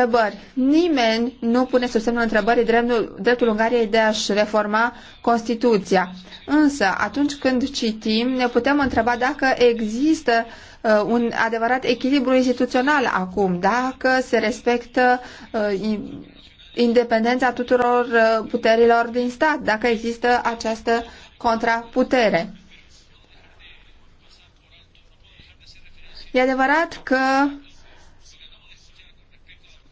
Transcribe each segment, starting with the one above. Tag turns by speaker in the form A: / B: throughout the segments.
A: întrebări. Nimeni nu pune sub semnul întrebării dreptul, dreptul Ungariei de a-și reforma Constituția. Însă, atunci când citim, ne putem întreba dacă există uh, un adevărat echilibru instituțional acum, dacă se respectă uh, independența tuturor uh, puterilor din stat, dacă există această contraputere. E adevărat că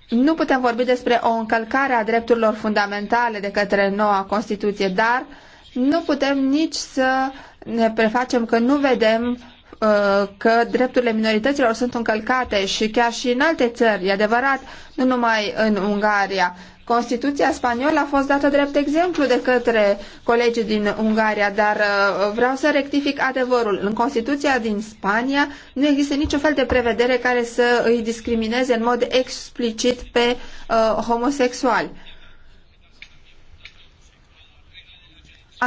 A: nu putem vorbi despre o încălcare a drepturilor fundamentale de către noua Constituție, dar nu putem nici să ne prefacem că nu vedem Uh, că drepturile minorităților sunt încălcate și chiar și în alte țări, e adevărat, nu numai în Ungaria. Constituția spaniolă a fost dată drept exemplu de către colegii din Ungaria, dar uh, vreau să rectific adevărul. În Constituția din Spania nu există niciun fel de prevedere care să îi discrimineze în mod explicit pe uh, homosexuali.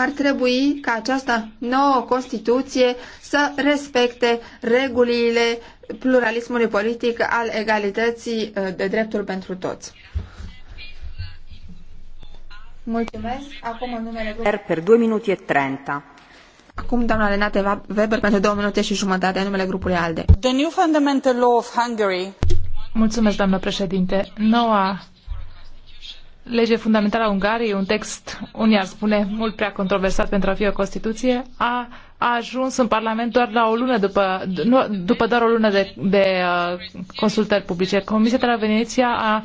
A: ar trebui ca această nouă Constituție să respecte regulile pluralismului politic al egalității uh, de dreptul pentru toți.
B: Mulțumesc. Acum în numele grupului...
A: Per 2 minute 30. Acum doamna Renate Weber pentru 2 minute și jumătate
C: în numele grupului ALDE. The new fundamental law of Hungary. Mulțumesc, doamnă președinte. Noua lege fundamentală a Ungariei, un text, unii ar spune, mult prea controversat pentru a fi o Constituție, a, a ajuns în Parlament doar la o lună după, nu, după doar o lună de, de uh, consultări publice. Comisia de la Veneția a